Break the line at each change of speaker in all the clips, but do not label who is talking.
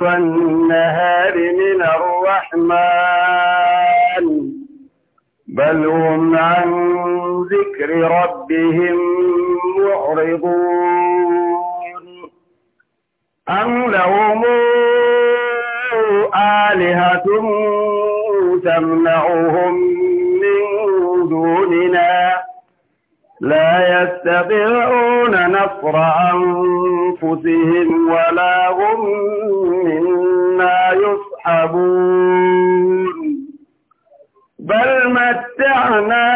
والنهار من الرحمن بل هم عن ذكر ربهم معرضون أم لهم آلهة تمنعهم من دوننا لا يستطيعون نصر أنفسهم ولا هم منا يصحبون بل متعنا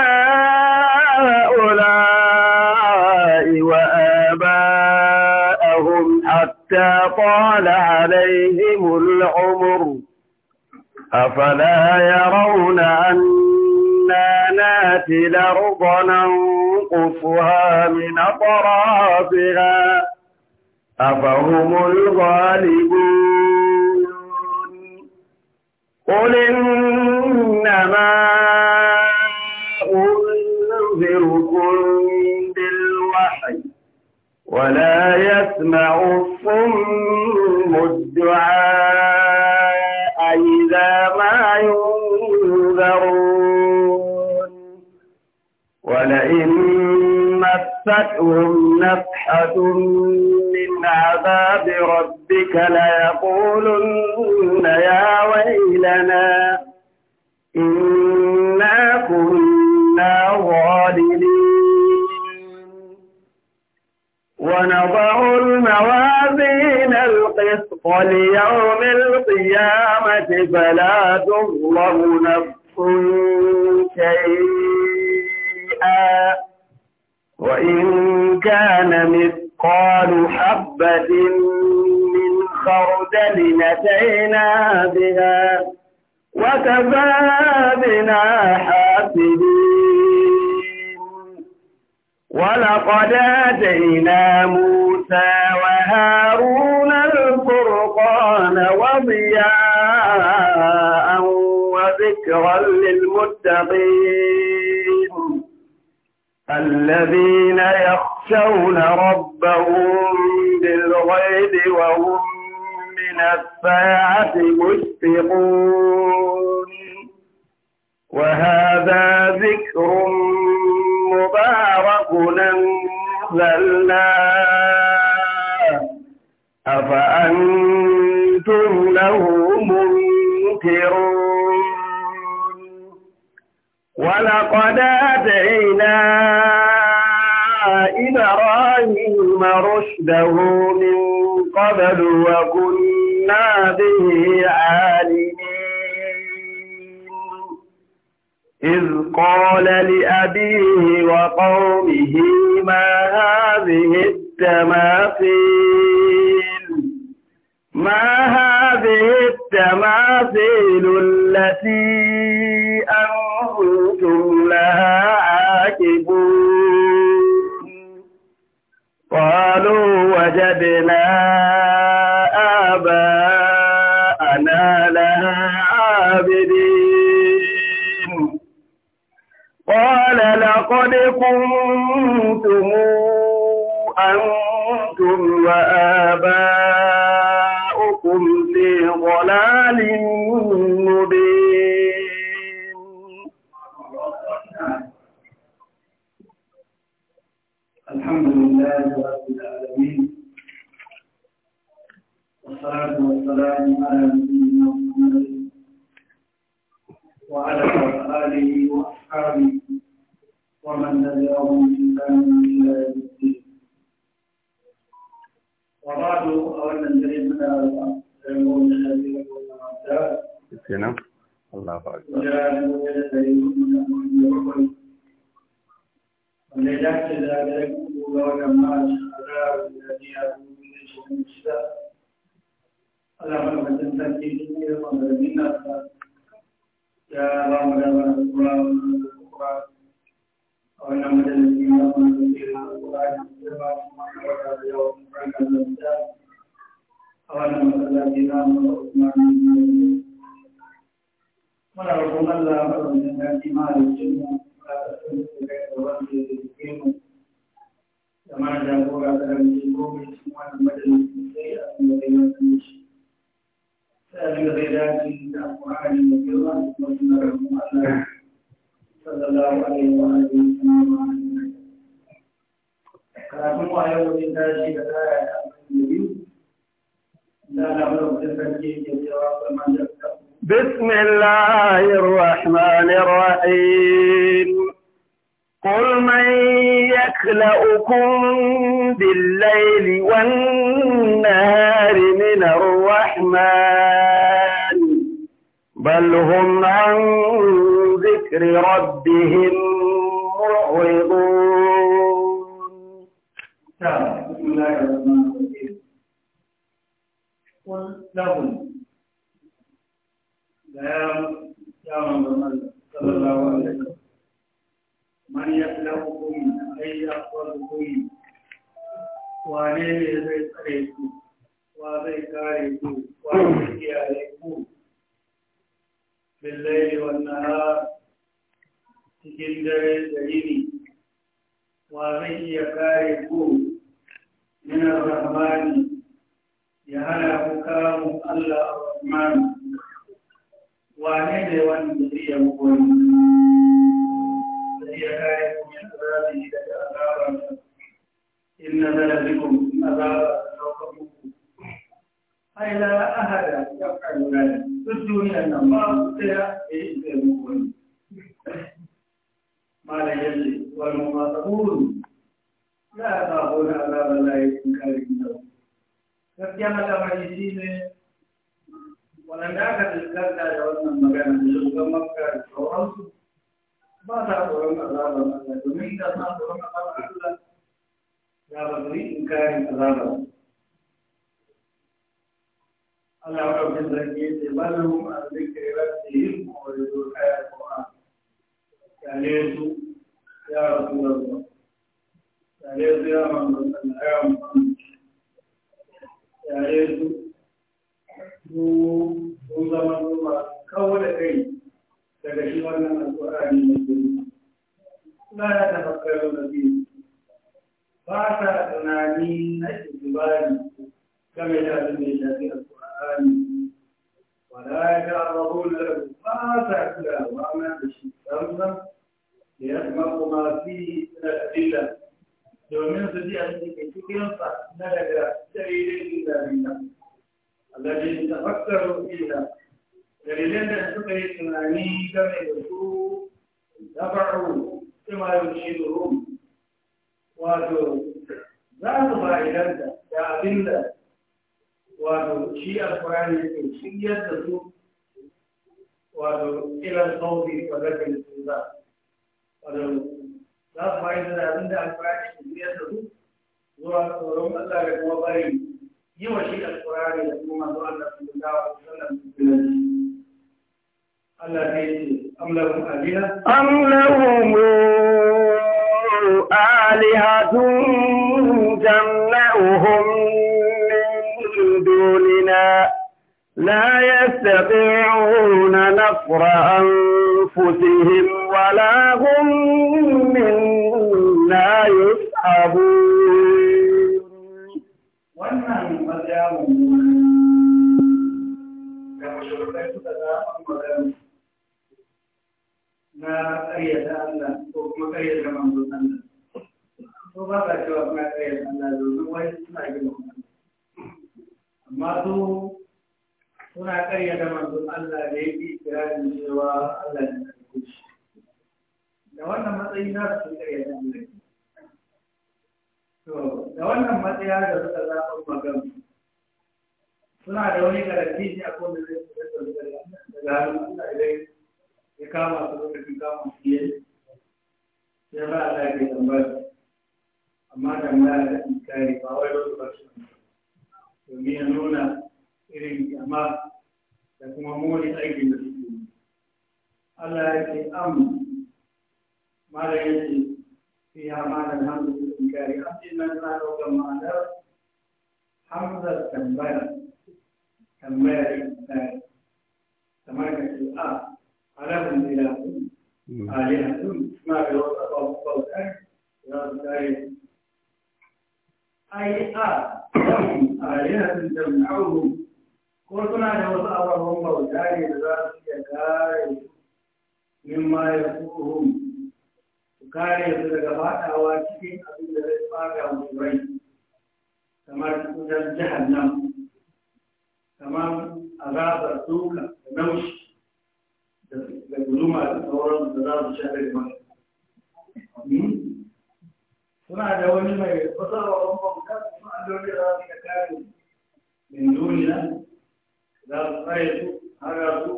هؤلاء وآباءهم حتى طال عليهم العمر أفلا يرون أن السماوات الأرض ننقصها من أطرافها أفهم الغالبون قل إنما أنذركم بالوحي ولا يسمع الصم الدعاء إذا ما ينذرون ولئن مستهم نفحة من عذاب ربك ليقولن يا ويلنا إنا كنا ظالمين ونضع الموازين القسط ليوم القيامة فلا تظلم نفس شيئا وإن كان مثقال حبة من خردل أتينا بها وكفى بنا حاسبين ولقد آتينا موسى وهارون الفرقان وضياء وذكرا للمتقين الذين يخشون ربهم بالغيب وهم من الساعة مشفقون وهذا ذكر مبارك أنزلناه أفأنتم له منكرون ولقد آتينا إبراهيم رشده من قبل وكنا به عالمين إذ قال لأبيه وقومه ما هذه التماثيل ما هذه التماثيل التي قالوا وجدنا آباءنا لها عابدين قال لقد كنتم أنتم وآباؤكم في ضلال مبين
والصلاة والسلام على نبينا محمد وعلى آله وأصحابه ومن تبعهم بإحسان إلى يوم الدين وبعد أولا كلمة يقول الذي يقول الله أكبر. Allah madaukakin sarki duk da bangarannin nasa ya ba mu damar kura kura a wannan majalisi na wani da kura da ba mu makarata da yawa makarata da ta a wannan masallaci na Usman muna roƙon Allah madaukakin sarki ma da jinmu da sun kai da wanda ya ke mu da mana jagora da ranci ko mai cikin wannan majalisi sai a cikin wannan majalisi بسم
الله الرحمن الرحيم قل من يخلقكم بالليل والنهار من الرحمن بل هم عن ذكر ربهم معرضون بسم الله الرحمن الرحيم
قل لهم لا يا من صلى الله عليه وسلم man ya ay yahfazuhum wane ne zai tsare ku wa zai kare ku wa zai kiyaye ku billahi wan nahar cikin dare da yini wa zai iya kare ku min rahmani ya hana ku kamun Allah ar-rahman wane ne wani zai yi الذي يكاركم من عذابه لك أحد يفعل ذلك تدوني أن الله سيأتي المؤمن ما لا يجري والمخاطبون لا يخافون عذاب الله من كارثه gaskiya malamari shi ne waɗanda aka tilgasta da wannan magana da shugaban makka ba ta tsoron azabar Allah domin da ta tsoron azabar Allah Ya ba su yi inkarin azabar Allah ya ɗauki zargi ya ce ba lahum an zikri rabbihim wa yuzul hayat qur'an kale su ya ya kale su ya manzon Allah ya manzon kale su su sun zama su masu kawo da kai daga shi wannan alƙur'ani mai girma la ya tafakkaru da biyu ba sa tunani na ibari game da abin da ya shafi alƙur'ani wala ya ta'arrabu lahu ba sa kulawa ma da shi samsam ليسمعوا ما فيه من الأدلة domin su ji abin da ke cikinsa na daga dalilin da Allah ne ta fakkar rufiya dalilan da suka yi tunani game da su dabaru kuma yau shi rum wato za su fa'idanta da abin da wato shi alkurani ke shiryar da su wato ilan sauki wa zakin su za wato za su fa'idanta da abin da alkurani ke shiryar da su zuwa tsoron Allah da kuma bari yi wa shi alkurani da kuma zuwa da su da wasu da su أم
لهم آلهة أم تمنعهم من دوننا لا يستطيعون نصر أنفسهم ولا هم منا يسحبون wannan
matsayin na ƙaryata Allah ko kuma da manzon Allah to ba ka cewa kuma ƙaryata Allah domin wai suna gina amma su suna da manzon Allah da ya fi kirarin cewa Allah ne da wannan matsayi na su ƙaryata Allah to da wannan matsaya da suka zaɓa magana suna da wani karatun shi a kowane zai su da daga hannun Allah idan ya kama su lokacin kama su yi ya ba a ke tambaya amma tambaya da kare ba wai wasu ba su domin ya nuna irin kyama da kuma muni aikin da suke yi Allah ya ce am mala ya ce fi ya mala hamdu da kare hamdu nan na ɗaukar ma'anar hamzar tambaya tambaya da kare kamar ka ce a على من إلهكم آلهة ما بوصف الله الأرض أي آلهة تمنعهم قلتنا لوصف الله الأرض بذلك كارث مما يسوهم kare su daga faɗawa cikin abin da zai fara musurai kamar wutar jihar nan kamar duka da da guduma da sauran da za su sha daga mai suna da wani mai fasarwa wani bauta suna da wani za su ka kare min duniya za su tsare su hana su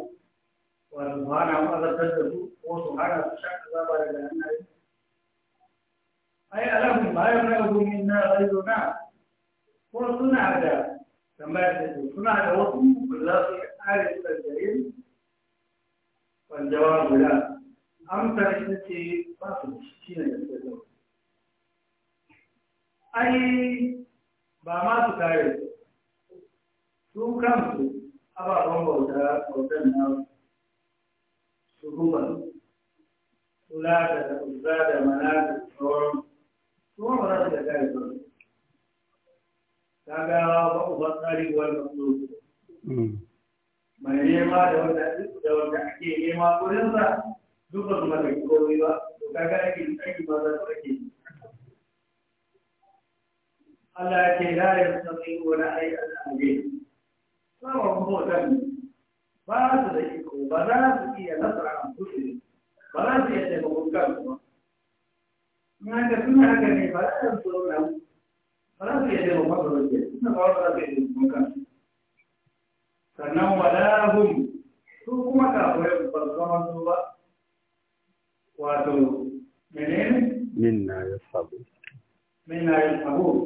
wasu hana mazartar da su ko su hana su sha ka zaba daga hannaye ai alamun bayan na gumin na rayu na ko suna da tambayar da suna da wasu ba za su yi kare su daga yin والجواب لا أمثلة التي باطل شيء يستدعون da بما تكاير su kansu ababen bauta bautan na suhuban kula da uzza da mana da sauran kuma ba za su da kare ba ta ga ba uban tsari wani masu
mai nema da
wanda da wanda ake nema gurin sa duk ba su maka komai ba to kaga ake aiki ba za su ake Allah ya ce la yastati wa la ayyadu ba wa mutan ba su da iko ba za su iya nasara a kuɗi ba za su iya taimakon kansu ba in haka suna haka ne ba za su zo ba za su iya taimakon kansu ba za su iya taimakon kansu sannan walahum su kuma kafirai ba su zama su ba wato menene
minna na
minna sabu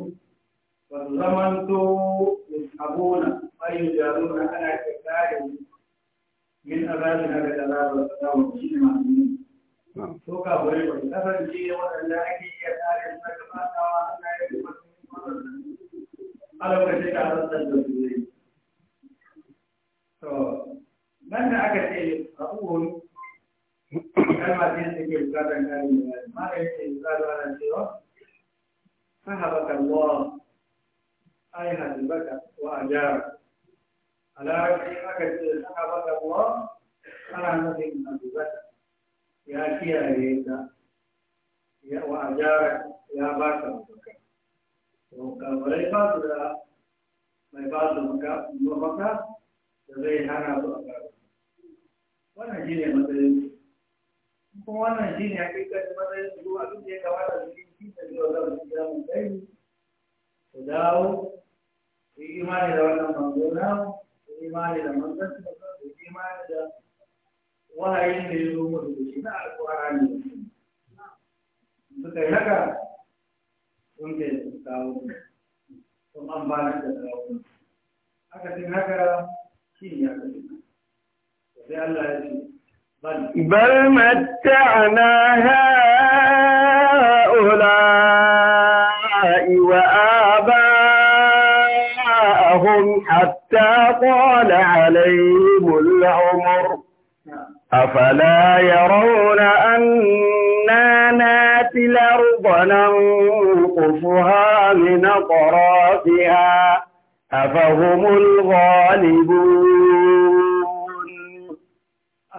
أفلا يرون أنا ناتي الأرض ننقصها من أطرافها أفهم الغالبون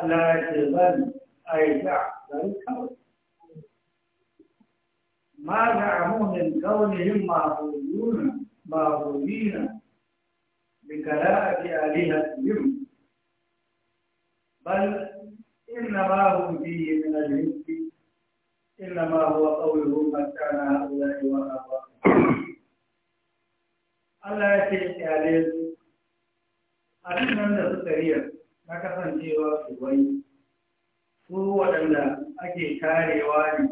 ألا تظن أي
تحسن ما زعموا من كونهم معبودون معبودين بكراءة آلهتهم بل إنما هو فيه من الهند إنما هو قوله متعنا هؤلاء وآبائهم Allah ya ce iyalai su a nan da suka riya na kasancewa su wai su waɗanda ake karewa ne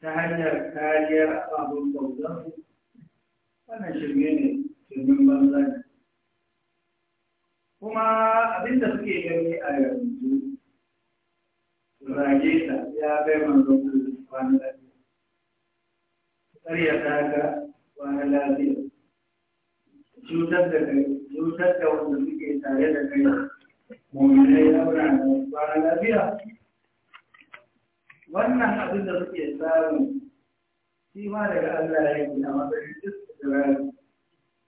ta hanyar kariyar abin bautansu wannan shirme ne shirmin banza kuma abinda suke gani a yanzu rage ta ya bai manzon Allah wani lafiya ƙarya ta ga wani lafiya cutar da kai cutar da wanda suke tare da kai mummunai ya wani wani lafiya wannan abin da suke samu shi ma daga Allah ya yi a matsayin duk da ran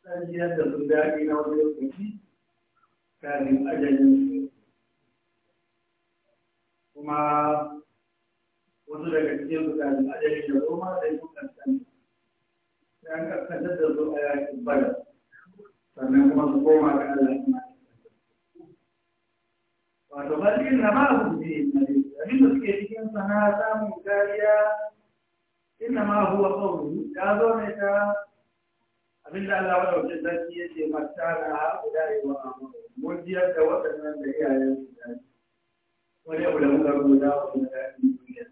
san jiyar da sun daɗi na wani lokaci كان من أجل وما وصلك كثير كان من أجل الجروما ليكون أحسن كان أحسن جدا في حياة البلد فإنك مظلوم على أن لا وتفكر إنما هو في النبي من مسكينك أنت هذا مكاريا إنما هو قوله هذا مكاريا abinda Allah wa wajen sarki ya ce mata da haku da yi wa mun jiyar da waɗannan da iyayen su da yi. wani abu da muka rubuta wa kuma da yi duniyar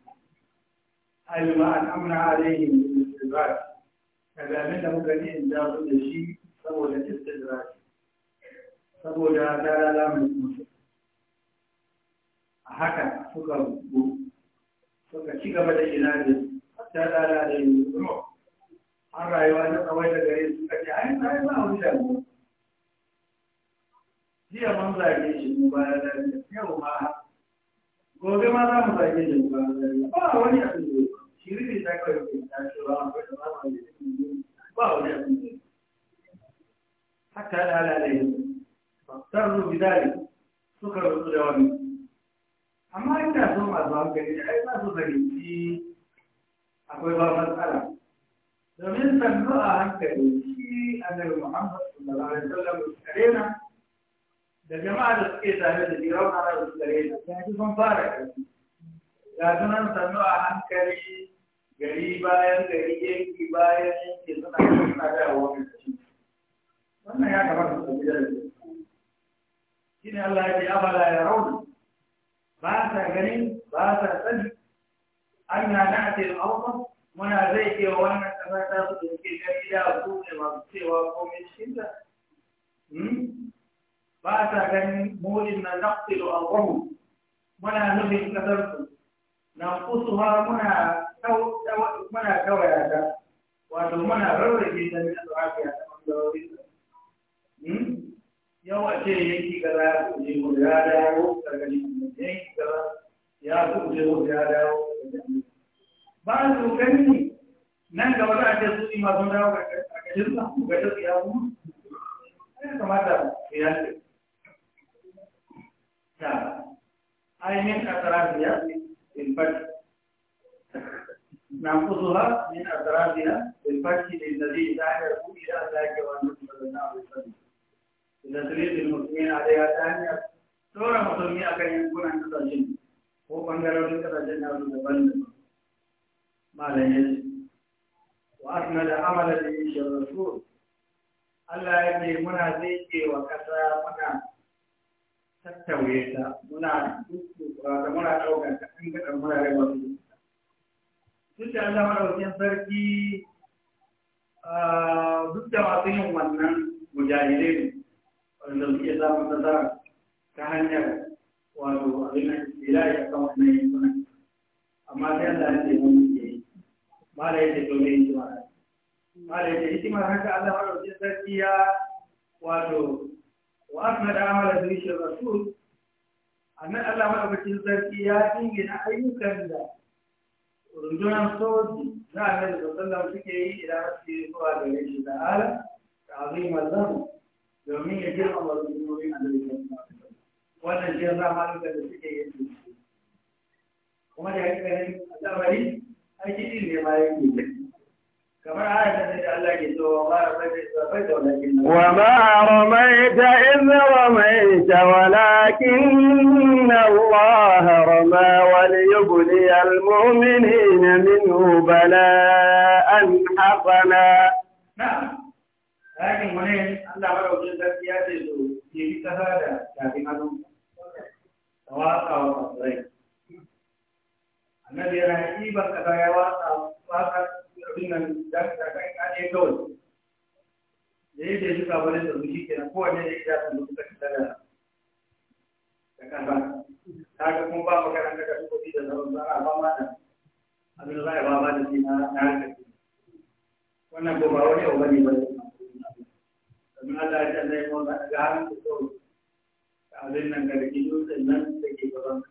alima an amna alaihi min istidrak daga abin da muka ne in dawo da shi saboda istidrak saboda ta lalamin musu a haka suka rubu suka ci gaba da ina da ta lalamin musu an rayuwa na tsawai da gare su kace ai sai ba mu da jiya mun zage shi mu bayan da yau ma gobe ma za mu zage shi mu bayan da ba wani abin da shi ne ta kai ta ce ba mu da ba mu da ba wani abin da hatta da halalai fasarru bidali suka rubu da wani amma ina so masu hankali ai za su zage akwai ba matsala domin sannu a hankali shi annabi Muhammad sallallahu alaihi wasallam karena da jama'a da suke tare da jiran ana da karena sai ji sun fara karfi ga sunan sannu a hankali gari bayan gari yanki bayan yanki suna suna da wani wannan ya kamata su bi da shi ne Allah ya ce afala ya rauna ba sa ganin ba sa sani an na na'atil muna zai ke wannan kana ta su da ke kan gida su ne masu cewa komai cikin ta hmm? ba ta ganin mulin na naqtilu awwahu muna nufin kasar su na kusuha muna muna kawaya ta wato muna rarrage ta ne da afiya ta bangarorin hmm? yau a ce yanki kaza ya je ko ya dawo daga yanki kaza ya kuje ko ya dawo daga ba su gani nan ga wata ake su ima sun dawo a kashin sa ga tsaya ko ne kamar da ya ce ta ai min asara in fat na ku zuwa min in fat ki da nazi da ya da ya ga wannan na wani sabbi da tsire din mutumin a da ya ta ne tsora mutumin a kan yin gunan da zanjin ko bangaren da zanjin da wani ba la وأكمل عمل به الرسول Allah ya muna zai muna tattauye ta muna da muna ɗaukar ta an muna da wasu duk da Allah maɗaukin sarki duk da masu yin wannan mujahidai wanda suke samun nasara ta hanyar wato abin wannan amma mala yake domin hikimar mala yake hikimar haka Allah madaukakin sarki ya wato wa akmada amala bi shir rasul annan Allah madaukakin sarki ya dingina ayyukan da rundunar soji na annabi sallallahu suke yi idan su yi zuwa da yake da ala ta azim Allah domin ya girmama rundunorin annabi da alaihi wasallam wannan jin zamanin da suke yi kuma da yake ganin al'amari ai ne ma yake kamar ayatan da Allah ke wa ma
ramaita idh walaƙin walakin Allah rama wal yubli al mu'minina minhu bala'an hasana
na'am lakin wani Allah madaukakin wajen ya ce so yi kasa da tafi hannu wa na da yi ɗiban kaza ya watsa watsa abin nan da ka kai kaje kawai da yake shi ka wani da zuci kenan kowanne da ya ta mutu ta tsara da kanta ta ga kuma ba makaranta da kuɗi da zaman zara ba ma da abin zai ba ma da shi na na harkar
wannan ba wani abu bane ba
domin Allah ya tsaye mu da ga hankali kawai abin nan ga da kiyo nan da ke gaban ka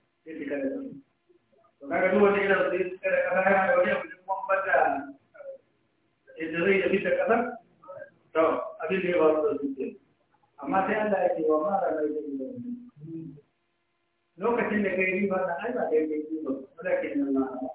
sai fita da su to da da kasa yana da kuma kasa da ya ba da riba ba na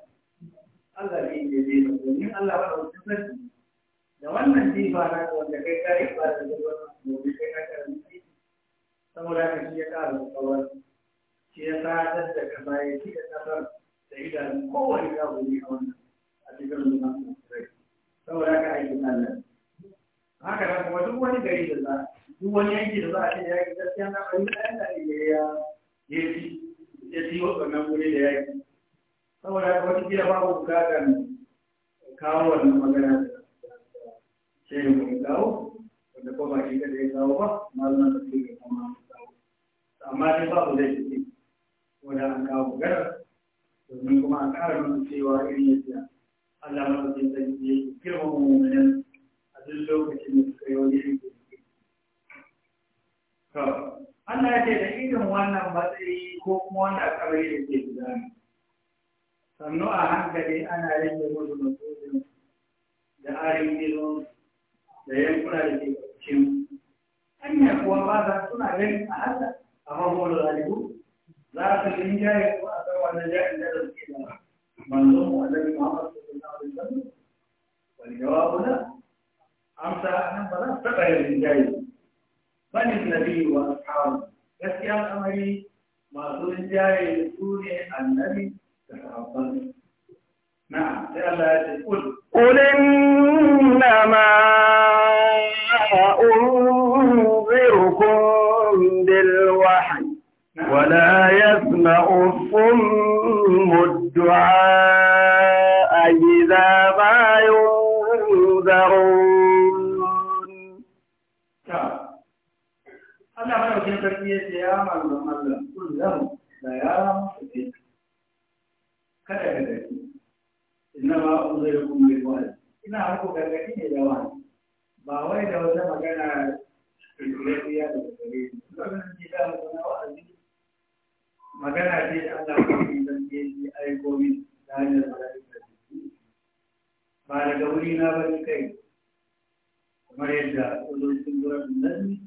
masu rinjaye su ne annabi da sahabban
na'am sai Allah ya أنذركم بالوحي ولا يسمع الصم الدعاء إذا ما ينذرون
nan da ya musu ne kada ka gaji inna ma uzuri kun bai wani ina harko gargaɗi ne da wani ba wai da wata magana kirkirariya da gare ni wannan ji da wani wa'azi magana ce da Allah ya yi zan je ji aiko min da hanyar malaikar ba daga wuri na bari kai kamar yadda ulul sun gurin nan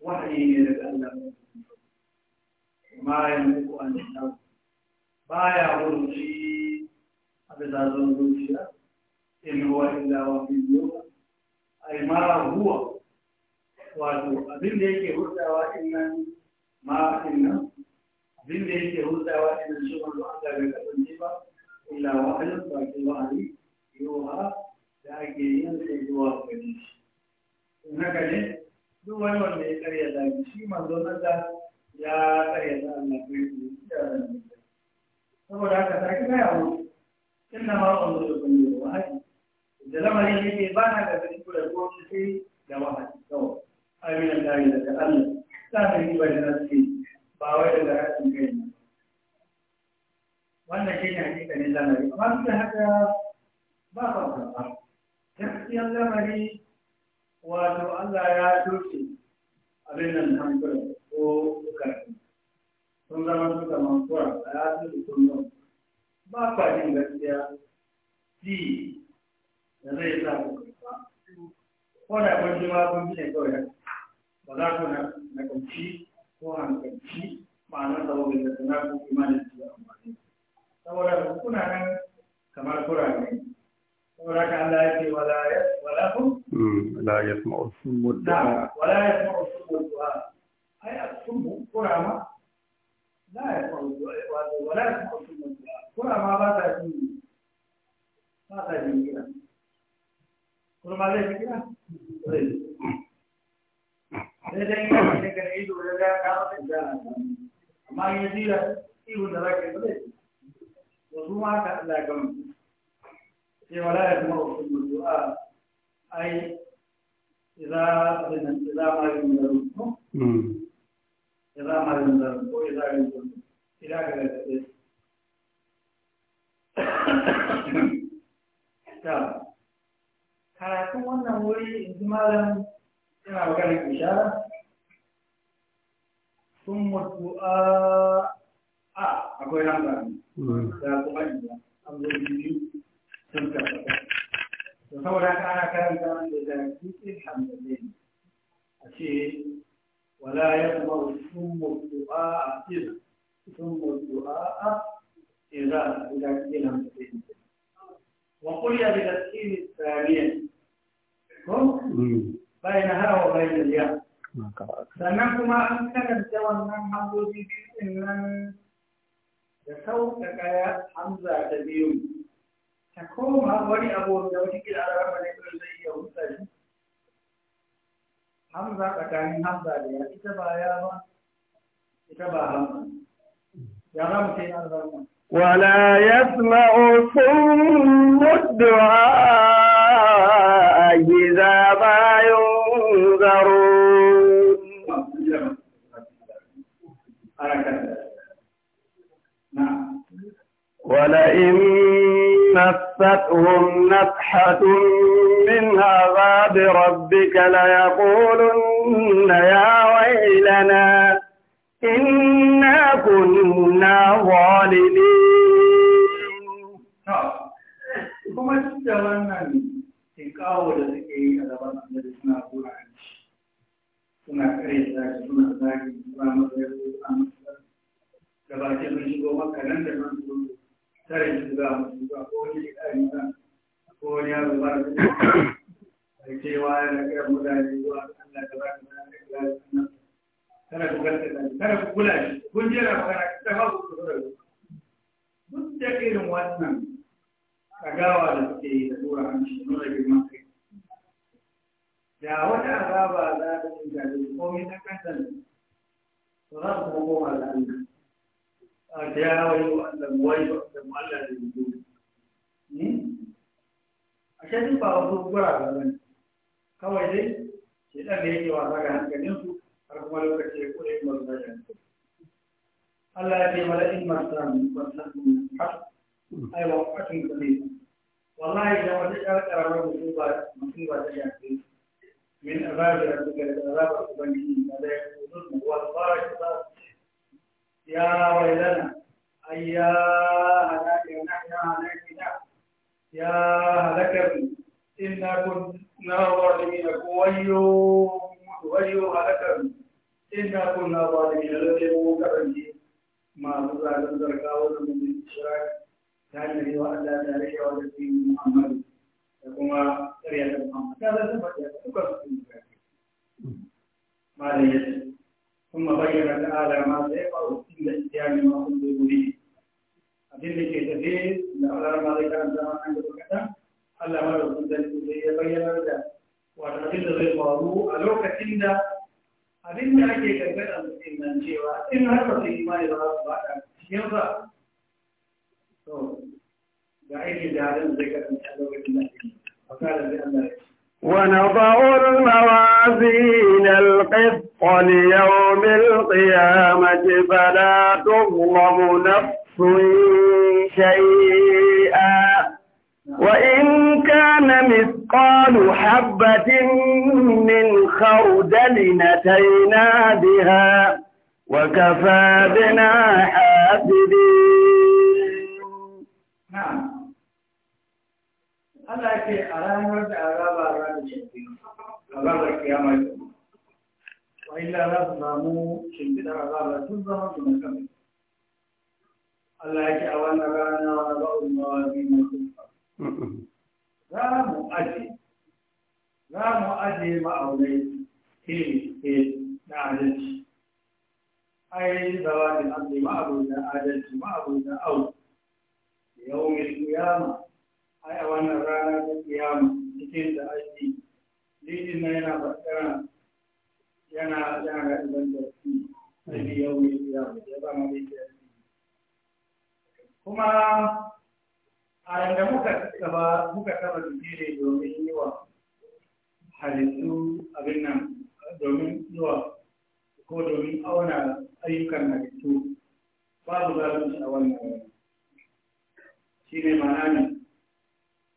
wahayi ne daga Allah ma muku an baya wurci a bisa zuciya in wa huwa wato abin da yake hurtawa in إذا إذا ما ينذر إذا ما ينذر وإذا ينذر إلى غير karatun wannan wuri in ji malam yana magana a a akwai saboda haka ana karanta wanda da kitsin hamdalin a ce wala ya zama sun mutuwa a ƙira sun mutuwa a ƙira guda ƙin hamdalin wa kulya bi tasiri tsariya ko bayan hara wa bayan ya sannan kuma an karanta wannan hamdobi biyu nan da sauƙaƙa hamza ta biyu يعني
ولا يسمع صم الدعاء إذا ما ينذرون نعم. ولئن مستهم نفحة من عذاب ربك ليقولن يا ويلنا إنا كنا ظالمين
kuma duk da wannan tinkawo da suke yi a gaban annabi suna kura shi suna kare zaki suna zaki suna mazari suna mazari da bakin sun shigo maka nan da nan sun tarin shi za mu shi ko wani ƙari ba ko wani yaro ba da da cewa yana kiran mutane zuwa Allah da ba da da da kada ku ganta da kada ku kula shi kun je na fara ta ba ku da duk da irin wannan kagawa da suke yi da tura hanci nuna girman kai da wata azaba za ta yi da komai na kanta to za su kuma koma da Allah da ya wayo Allah da a ba wasu gura da wani kawai dai shi ɗan da yake wasa ga hankalin su har kuma lokaci ya kure yin wasu zajen Allah ya ce mala in marsa mu kwanta ai wa kwatin ku ne wallahi da wata ƙar mutum ba ba ta shafe min azabi da suka da azabar ubangiji da ya kudu da wasu ba يا ويلنا أي يا هلاك نحن هلاكنا يا هلك إنا كنا ظالمين ويو ويو هلك إنا كنا ظالمين لكن مكرمين ما زال ذلك أول من الشراك كان الذي وعد ذلك والذي محمد يقوم رياض محمد هذا سبب يقوم ما لا يجب ثم بين تعالى ما سيقعوا كل اتيان ما اخذوا به ادله كثير ان على ما كان زمان عند الوقت الا ما ذلك هي بين ذلك وتقيد غير قالوا الوقت كنا ادله كي كبر ان من جوا ان هذا في ما يرى بعد يوم ذا ذا ايه ذا ذكر ان الوقت وقال بان الله
ونضع الموازين القسط ليوم القيامة فلا تظلم نفس شيئا وإن كان مثقال حبة من خردل أتينا بها وكفى بنا حاسبين
نعم الله يكفي azabar za tun Allah ya a wannan mu za mu na adalci ai zawa da asali ma'abu da adalci ma'abu da au yau mai kiyama ai a wannan rana da kiyama cikin da ake lidin na yana bakara yana yana idan da su sai yau ne kiyama ya zama da kuma a yadda muka taba muka taba jiki ne domin yi wa halittu abin nan domin yi wa ko domin auna ayyukan halittu babu zalunci a wannan shi ne ma'ana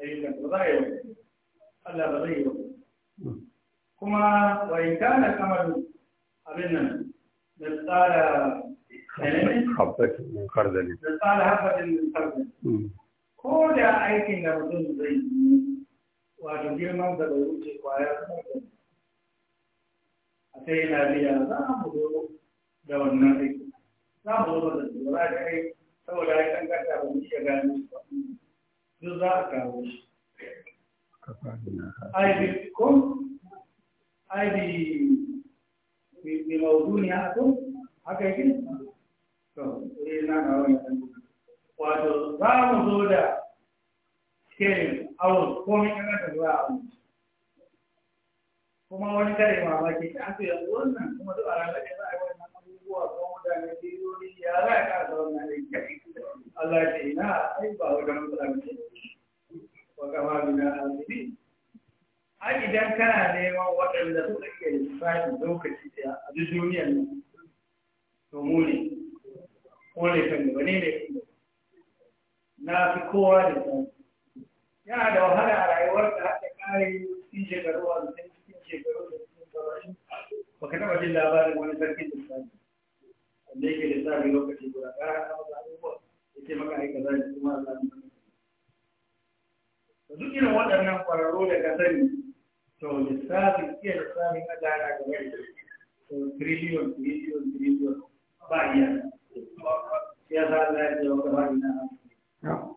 ayyukan ba za a yi Allah ba zai yi wani kuma wa in kana kamar abin nan da tsara habbatin kardali da tsara habbatin kardali ko da aikin da mutum zai yi wato girman da bai wuce kwaya a sai yana biya za mu zo da wannan aiki za mu zo da lura da kai saboda ya kankanta ba mu iya gano ba duk za a kawo shi aibi ko aibi mai a eh, wato za mu zo da skelin awon komai kana da zuwa awon kuma wani kare mamaki ta su yanzu wannan kuma duk a ranar za a yi wannan abubuwa ko mutane biyu ya za a kara wannan aikin Allah ya ce ina ai ba wajen matsala ne wa kama bina alheri ai idan kana neman waɗanda suka iya lissafi lokaci ɗaya a duk duniyar nan to mu ne ko ne kan gaba ne ne na fi kowa da tsari
yana da wahala a
rayuwar da haka kare cikin shekaru a cikin shekaru da cikin saba'in ba ka taɓa jin labarin wani sarkin lissafi wanda yake lissafi lokaci guda ƙara kama da abubuwa yake maka aika zai kuma za mu to duk irin waɗannan kwararru da ka sani to lissafin iya lissafin adara ga mai to trillion trillion trillion ba iya ya sa Allah ya ce wa gaba ina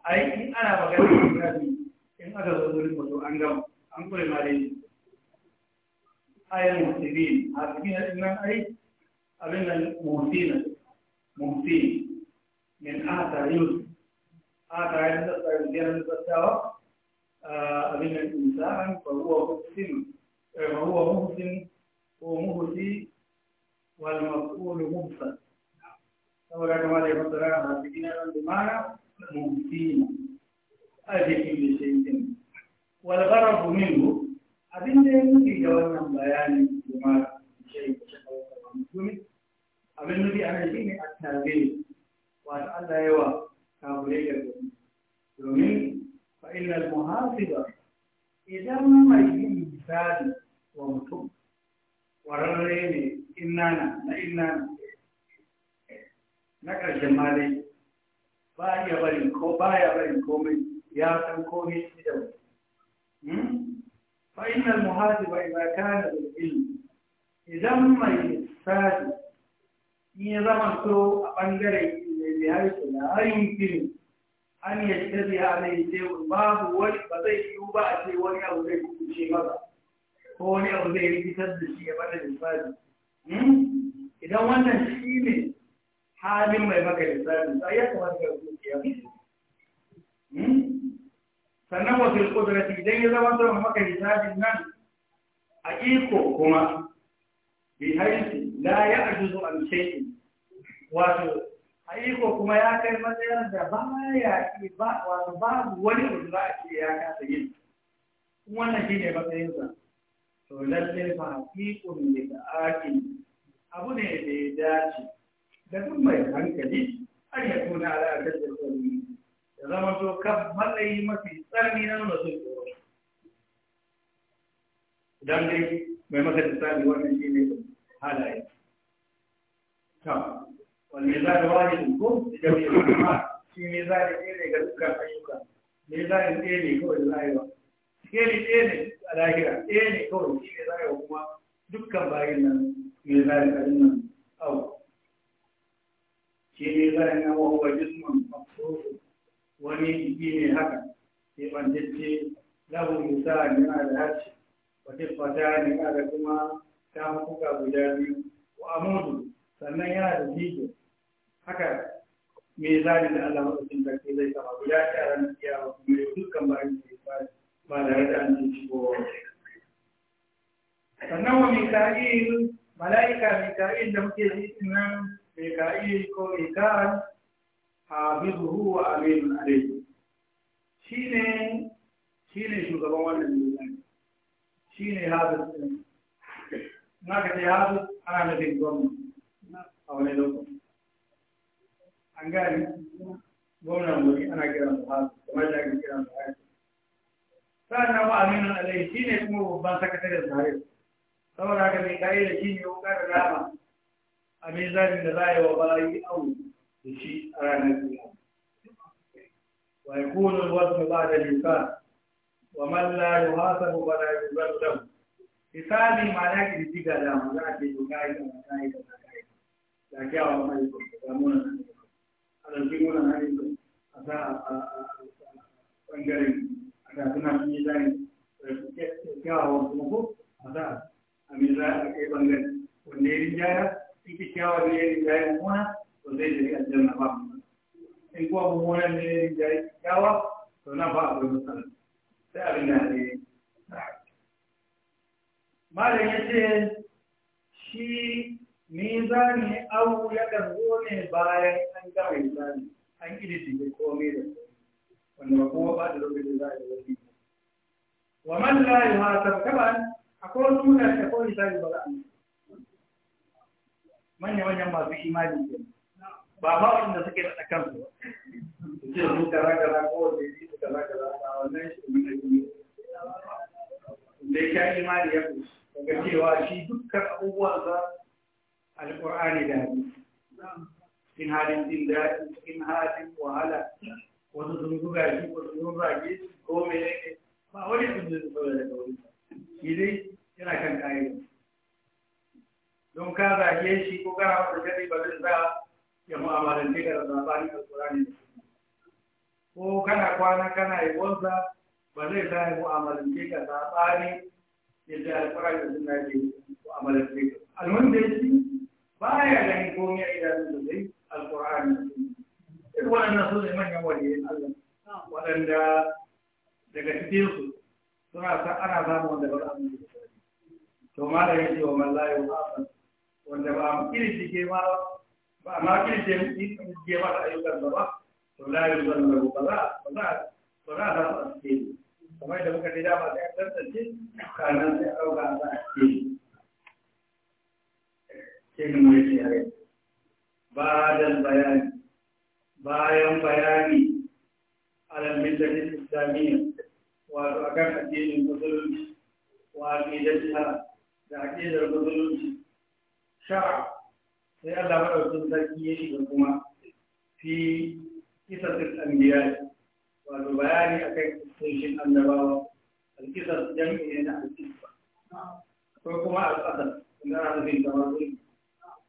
ai in ana magana da lissafi in aka zo wurin mutu an gama an kure ma dai ayan musibin a cikin nan ai abin nan musina musina من آثار آثار الإنسان من الإنسان من الإنسان فهو محسن آه، فهو محسن هو محسن والمسؤول محسن ثم كما ذكر ربنا من دمارة محسن هذه كل شيء والغرض منه أبين لك جوانا بيان دمارة شيء أبين لك أنا جيني أتنى wata Allah yawa kafirai da gobe domin fa'ilal muhasiba idan mai yi misali wa mutum ƙwararre ne innana na innana na ƙarshen ma dai ba ya barin komai ya san komai shi da mutum hmm? fa innal muhasiba idza kana bil ilm idan mai misali ni ya zama so a bangare بحيث لا يمكن أن يجتبه عليه شيء باب ولي بزي يوبا شيء ولي أو زي شيء ماذا هو ولي أو زي يتسد شيء بعد الإنسان إذا وانا شيء halin mai maka lissafi sai ya kamata ya zuciya hmm? sannan wasu kudrati idan ya zama zama maka lissafin nan a iko kuma bi haiti la ya ajuzu an aiko kuma ya kai matsayar da ba ya ba wato babu wani abu za a ce ya kasa yin wannan shi ne matsayinsa to lalle fa haƙiƙun da ta'aki abu ne da ya dace da duk mai hankali an ya tuna ala da tsarni ya zama to kan matsayi mafi tsarni na nuna sun tsoro idan dai mai maka tsari wannan shi ne halaye. والميزان واحد كم لجميع الأعمال في ميزان إيه لكتكام أيوكا ميزان إيه لكو الآيوة إيه إيه الآخرة إيه لكو في ميزان وكما دكا باينا ميزان أجنان أو في ميزان وهو جسم مقصود وني جيني هكا في بنتي له ميزان على هاتش وتفتان على كما كان فوق أبو جابي وأمود sannan yana da jigo haka me zalim da Allah da ke zai kama, ku ya ta ran iya wa kuma yau dukkan bayan da ya fara ba da rada an ci ko sannan wa mika'il mala'ika mika'il da muke yi nan mika'il ko a hafizuhu wa aminun alayhi shine shine shugaban wannan mizani shine hafiz din na ka ce hafiz ana nufin gwamnati a wani lokaci an gane gwamnan wuri ana kira muhammadu kamar da ake kira muhammadu sa'an nan aminu alai shi ne kuma babban sakataren zahir saboda haka mai kare da shi ne wuka da rama a mizanin da za a yi wa bayi au da shi a ranar kiyama wa yakunu ba da lisan wa man la yuhasabu fala yuzan lahu misali ma'ana kirji ga da mu za a ce to kai da kai da kai da kyawawan ayyukan da mu nan a ɗauki wannan hanyar a sa a ɓangaren a gasuna shi zai kyawawan kuma ko a sa a mai za a kai ɓangaren wanda ya rinjaya in ki kyakkyawan ne ya rinjaya kuma to zai tafi aljanna ba in kuma kuma mummunan ne ya rinjaya kyakkyawa to nan ba a akwai matsala sai abin da ne malam ya ce shi mizani au ya zo ne bayan an ga mizani an kididdige komai da wanda kuma ba da lokacin za a yi wani wa man la yuhasab kaban akwai mutane ko kawai misali ba za a manya manyan masu imani ke ba ma wanda suke da kansu ba ce su kaza kaza ko wanda ya su kaza a wannan shi ne da ya sha imani ya fi daga cewa shi dukkan abubuwan za alƙur'ani da hadisi cikin halin jin daɗi cikin halin wahala wasu sun buga shi wasu sun rage shi ko me yake ba wani sun zai tsoro daga wani shi dai kan kayan don ka zage shi ko kana masa gani ba zai sa ya mu'amalance ka da alƙur'ani da ko kana kwana kana yi wanza ba zai sa ya ka zaɓanin yadda alƙur'ani suna ke mu'amalance ka almuhim dai baya ganin komai a idanun da zai alƙur'ani duk waɗannan su ne manyan waliyan Allah waɗanda daga cikin su suna sa ana samun wanda ba mu to ma da yake wa mallahi wa afan wanda ba mu kirkike ma ba ma kirkike mu kirkike ma da ayyukan ba to la yuzallu ba za ba za ba za ta ba kamar da muka dai dama sai an tantance kanan sai a ɗauka za a ce بعد bayani. bayan bayani alal millatin islamiyya wato akan addinin musulunci wa aqidatiha da aqidar musulunci shar'a sai Allah madaukakin sarki ya shiga kuma fi kisatul anbiya wato bayani akan kisoshin annabawa alkisar jam'i ne na alkisba ko kuma al'adar inda ana nufin tawazzuli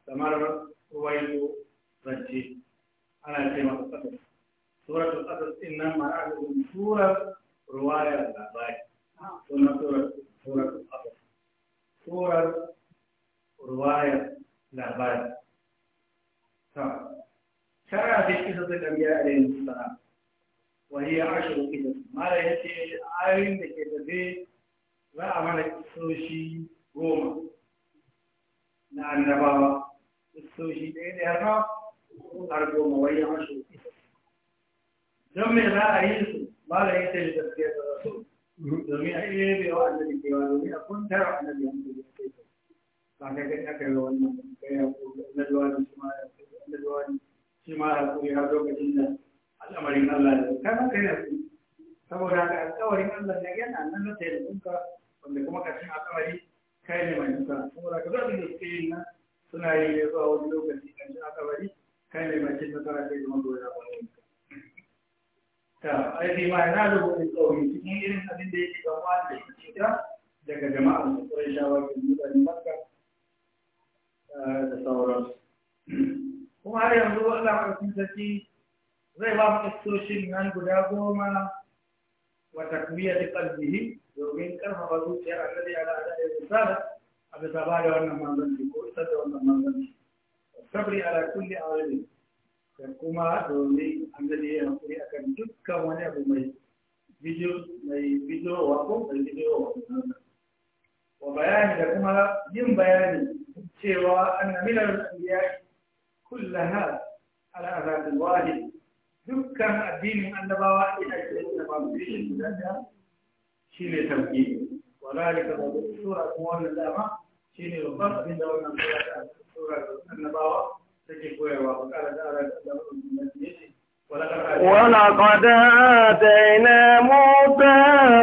kamar ruwayo zance ana ce masa ƙasar suratul ƙasar ɗin nan ma'ana da surar ruwayar labari sunan surar suratul ƙasar surar ruwayar labari شرع في قصص الأنبياء عليه السلام وهي عشر قصص ما لا يأتي za a mana السوشي goma na annabawa shi ɗaya da yara har goma wai ya mashi don me za a yi da da a iya yabe wa annabi ka domin a kuntar ga aka kai na na Allah ya kana kai ya saboda haka alƙawarin Allah ne yana nan da taimakonka kuma kashin alƙawari kai ne mai nuka saboda ka zo da suke yin nan suna yi ne zuwa wani lokaci kan shi aka bari kan ne mace ta fara kai zama goya ba ne ta aiki ma yana da gobe tsauri cikin irin abin da yake gaba da shi cuta daga jama'a da tsoron shawarar mutanen makka eh, da sauransu kuma har yanzu Allah maɗaukin saki zai ba mu istoshin nan guda goma wa takmiyar qalbihi domin karfafa zuciyar annabi ala alaihi wasallam a bisa ba da wannan manzanci ko isar da wannan manzanci sabri ala kulli awali da kuma domin an gani ya hankuri akan dukkan wani abu mai bidiyo mai bidiyowa ko mai bidiyowa wa bayani da kuma yin bayani cewa annamilar anbiya kullaha ala azabin wahid dukkan addinin annabawa ina ce da babu shi da shi ne tauhidi وذلك الأمة سورة ولقد
آتينا موسى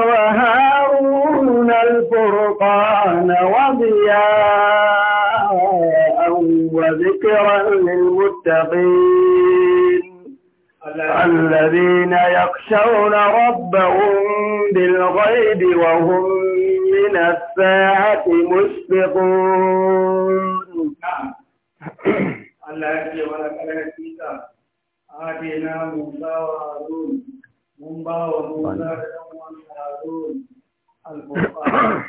وهارون الفرقان وضياء وذكرا للمتقين الذين يخشون ربهم بالغيب وهم من الساعة مشفقون
الله يجزي ولقد هديت آتينا موسى وهارون من باو موسى وهارون القرآن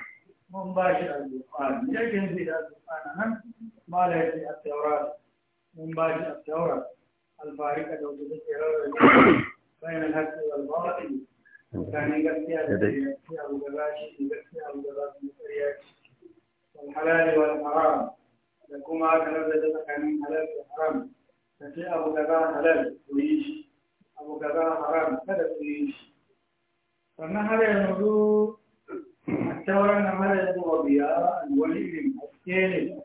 من باشر القرآن لكن في القرآن هم نعم. ما لا يجزي التوراة من باشر التوراة الفارقة وجدت بين الحق والباطل tsakanin gaskiya da gaskiya abu da bashi gaskiya abu da bashi da ƙarya wal halal wal haram da kuma ka nazarta tsakanin halal da haram ka ce abu kaza halal ku yi shi abu kaza haram kada ku yi shi sannan har yanzu التوراة نمر وضياء ولي أسكيل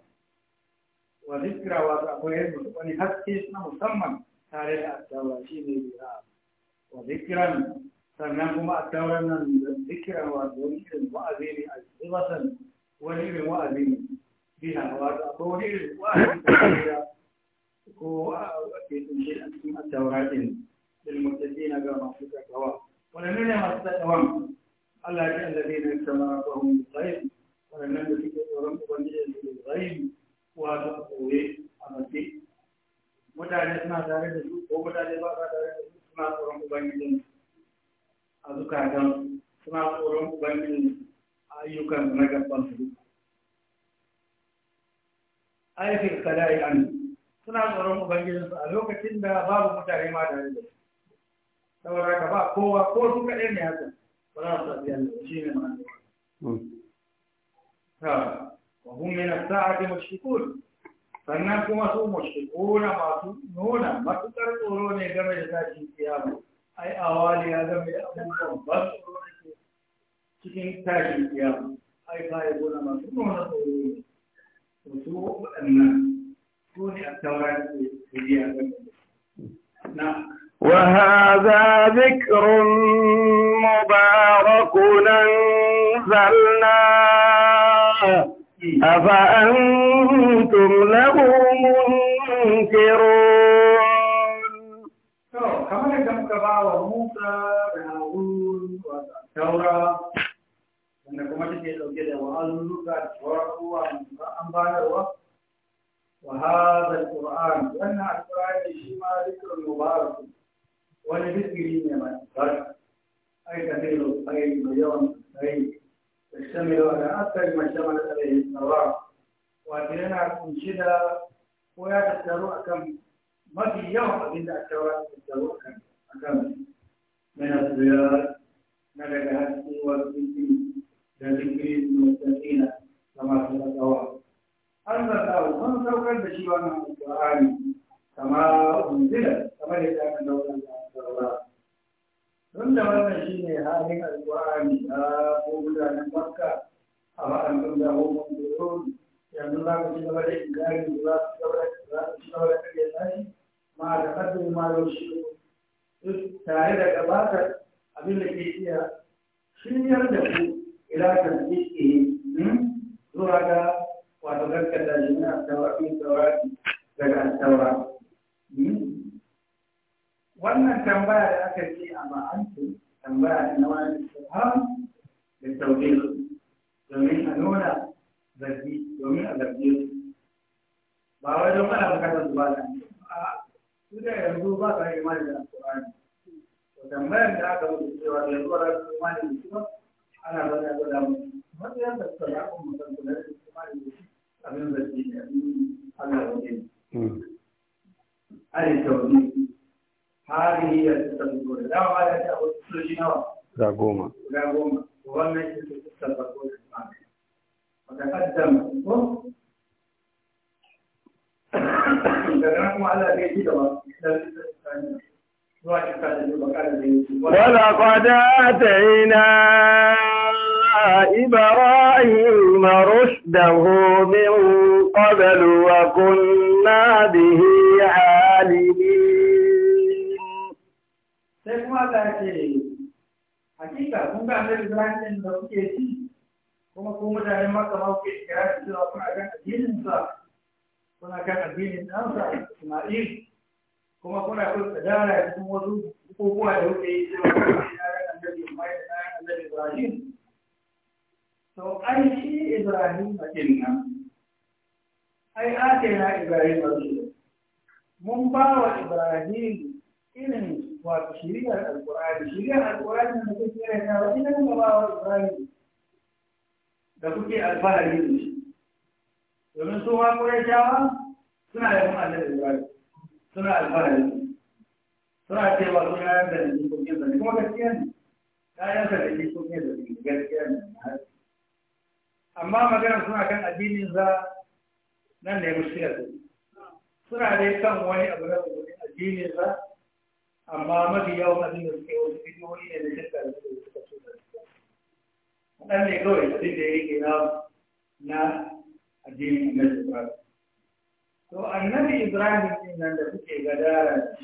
وذكرى وتأويل ونحكي اسمه مسمى تاريخ التوراة شيء وذكرا sannan kuma a kan wannan zikiran wato irin wa'azi ne a tsibatan wani irin wa'azi ne biya wato akwai wani irin wa'azi da ko a ke tunce a cikin attauratin lilmuttaji na ga masu takawa waɗannan ne masu takawa Allah ya ce allazi ne kama rahum ghaib waɗannan da suke tsoron ubangiji da ghaib wato koye a mace mutane suna tare da su ko mutane ba sa tare da su suna tsoron ubangiji a zukatan suna tsoron ubangin ayyukan na gaban su aikin kadai an suna tsoron su a lokacin da babu mutane ma da rai saboda ka ba kowa ko su kaɗai ne haka ba za su tafiya da shi ne ma. Hmm. ta wa hum min as mashi mushrikun sannan kuma su mushrikuna masu nuna matukar tsoro ne game da tashin kiyama ai awali ya zama da abubuwan ba su cikin tashin kiyama ai ba ya gona masu nuna tsoro ne to su waɗannan su ne a taurari da shirya
na وهذا ذكر مبارك أنزلناه أفأنتم له منكرون أمر كم كبا وموسى وهارون
وثورة wanda kuma take dauke da wa'azuzzuka da shawarar abubuwa an bayarwa wa hadha alquran wannan alqur'ani shi ma zikrun mubarak wani zikiri ne mai barka ai ka dai ai mai yawan ai yashtamilu ala akthar ma shamala alayhi sawa wa yana kunshi da ko ya tattaru akan mafi yawan abin da aka wata da wakan a kan mana tsira na daga wasu cikin da zikiri mutsakina da masu tsakawa. An zata mun saukar da shi wannan alƙur'ani kama unzila kamar yadda aka daukar da saura. Don da wannan shi ne halin alƙur'ani a ko mutanen Makka a ma'aikatan da homo yanzu za ku ci gaba da ingani za su ci gaba da kare nashi. ma da ƙasar ma yaushe duk tare da gabatar abin da ke iya shiryar da ku ila kan tsike hmm? zuwa ga wato gaskata shi na tawafi tawafi daga tawa hmm? wannan tambaya da aka ce a ma'antu tambaya na wani shaham da tauhid domin a nuna zargi domin a zargi ba wai don ana bukatar zuwa da Tunda yanzu ba ka yi imani da Alƙur'ani. Tambayar da aka wuce cewa da yanzu ba za su imani da shi ana ba da gwada mu. Wanda ya sassa da aka mutum da ya imani da shi abin zargi ne, Allah ya yi. Hmm. Ali tauri, hari ya sassa da gode. Dama ba da ta wasu shi nawa. Ga goma. Ga goma. Wannan shi ne sassa da gode. Wata ko ولقد
آتينا
ɗansa Ismail kuma kuna kun tsadara kuma wasu abubuwa da kuke yi cewa kuma ya ga annabi Ismail da ɗayan annabi Ibrahim. To ai shi Ibrahim a ɗin nan. Ai ake na Ibrahim a Mun ba wa Ibrahim irin wato shiriyar alkur'ani shiriyar na da kuke kira ta ne nan gaba wa alkur'ani da kuke alfahari da shi domin su ma kure shawa suna da kuma da Ibrahim suna alfahari suna cewa su ya da da jikokin da kuma gaskiya ne ya yanka da da da ne gaskiya ne amma magana suna kan addinin za nan ne mushkila ta suna dai kan wani abu na rubutun addinin za amma mafi yawan abin da suke ne da shirka da suka cuta ne kawai abin da yake na addinin da to annabi ibrahim ɗin nan da kuke gadara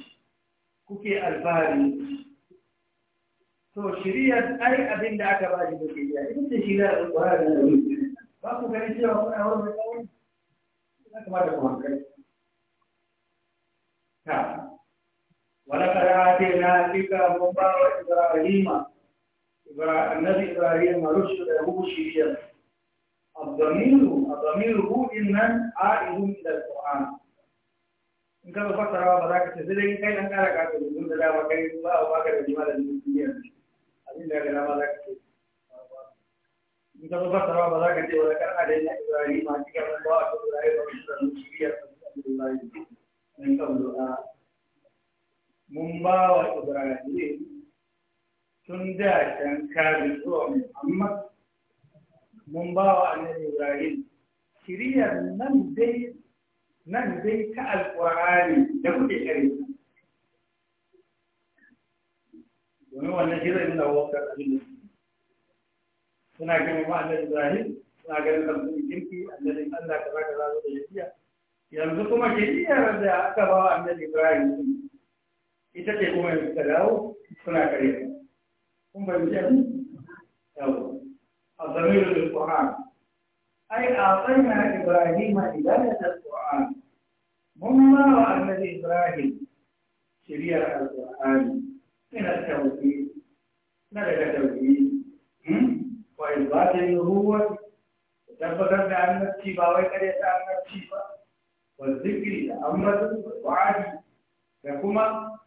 kuke alfahari to shiriyar ai abin da aka ba shi da ke biya ita ce shiriyar alfahari da wuce ba ku gani cewa kuna wani mai tsawon ya da kuma kai. ta wala kara ce na fika mun ba wa ibrahim ibrahim annabi ibrahim rushu da hukushi shiriyar الضمير الضمير هو إن عائد إلى القرآن إن كان فترة وبذاك تزيد إن كان أنك لك أقول من ذلك وكيف الله وباك الجمال المسلمين أبين لك لما ذاك إن كان فترة وبذاك تزيد وكان علينا إبراهيم عندك من الله أقول إبراهيم ومشرا المسلمية الله من قبل mun ba wa Ibrahim tun da can kare zuwa Muhammad mun ba wa annabi Ibrahim shiriyar nan dai nan dai ta alƙur'ani da kuke kare domin wannan shi zai nuna wakar abin da suna gani ma annabi Ibrahim suna ganin kamfani kirki annabi Allah kaza kaza zo da shiriya yanzu kuma shiriyar da aka ba wa annabi Ibrahim ita ce kuma yanzu ta dawo suna kare kun fahimci yanzu yawo الضمير للقرآن أي أعطينا إبراهيم هداية القرآن مما وأن إبراهيم شريعة القرآن من التوحيد ملك التوحيد وإثبات النبوة وتبقى عن نفسي وكرهت عن نفسي والذكر لأمة والوعد لكما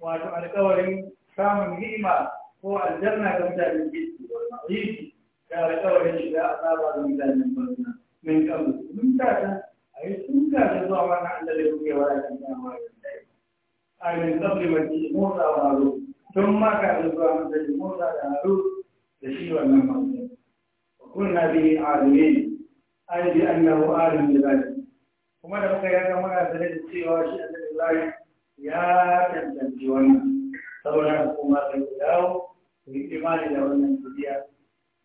وأتوا الكورم سام هو الجنة كمثال الجد والمعيد ga alƙawarin shiga a tsaba da mutanen barna min kabu mun kata a yi sun kata zuwa wannan Allah da kuke wa ya kanta wa a min sabbi mace motsa wa haro tun ma ka da zuwa mutane motsa da haro da shi wannan mace kunna bi alimin yi bi annahu alim da zalik kuma da muka yaga muna sanar da cewa shi a Allah Ibrahim ya tantance wannan saboda kuma sai ku dawo ku yi imani da wannan duniya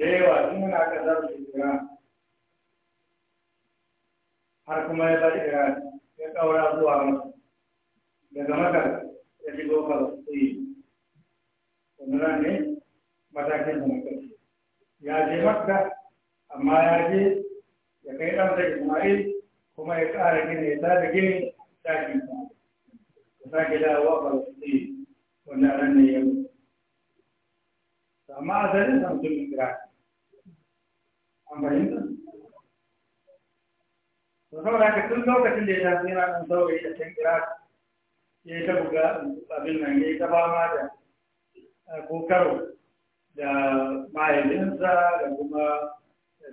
da yawa sun muna kan za su shiga har kuma ya bari da ya kaura zuwa masu daga makar ya shigo falasɗi wannan ne matakin da ce. ya je makka amma ya je ya kai da ismail kuma ya ƙara gini ya tada gini ɗakin sa ya sake dawowa falasɗi wannan ran ne ya mutu amma asalin sa mutum ya an bayyana lokacin da ya tafi yana nan saurayi da can ta buga abin nan da kokaro da da kuma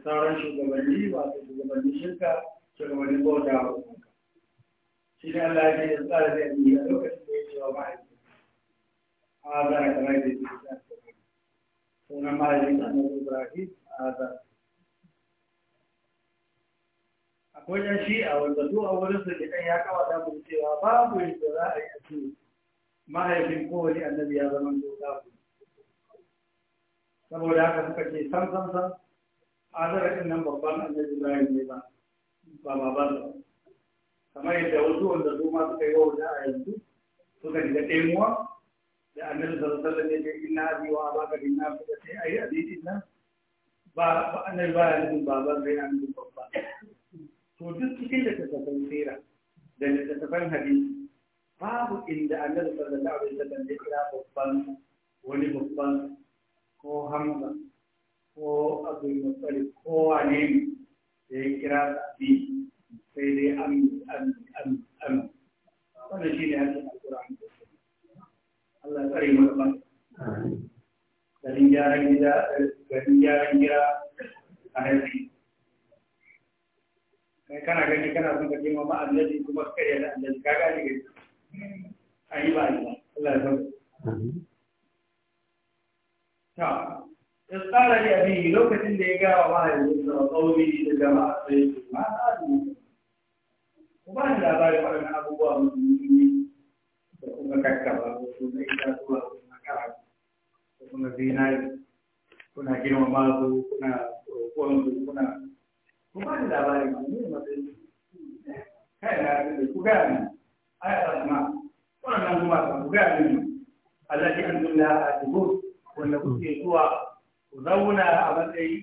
sauran shugabanni wato shugabannin shirka shugabannin bauta wa shi ne Allah ya yi tsara da yi a lokacin da ya ce wa mahaifin a zara kamar da ya ce sunan mahaifin annabi ibrahim a zara wajen a wanda zuwa a wurin su ɗan ya kawo da mu cewa babu yadda za a yi a ce mahaifin kowane annabi ya zama doka saboda haka suka ce sam sam sam zara ɗin nan babban annabi yi ne ba ba baban ba kamar yadda wasu wanda su ma suka yi wauta a yanzu suka ji da ɗaimuwa da annabi sallallahu alaihi wasallam ya ce inna abi wa abaka inna fi sai ayi hadisin nan ba annabi ba ya nufin baban sai an nufin babban to duk cikin littattafan sira da littattafan hadisi babu inda annabi sallallahu alaihi wasallam ya kira babban wani babban ko hamza ko abdul muttalib ko wane ne ya kira abi sai dai am am am am wannan Allah ya tsare mu da garin gyaran gida garin gyaran gida a yanzu kai kana gani kana son ka girma ma annabi kuma ka kare da annabi ka gani gari an yi ba ni ba Allah ya san ta isqala li abi lokacin da ya ga wa mahaifinsa wa qawmi da jama'a sai ma hadu ku ba ni labarin waɗannan abubuwa musulmi da kuma kakkaba ko kuma itatuwa ko kuma karatu ko kuma zinari kuna girmama su kuna roƙon su kuna ku ba ni labari ma ni matsayin kai na da ku ga ni ai kuma wannan kuma ku ga ni an antum a atibun wanda kuke zuwa ku zauna a matsayi.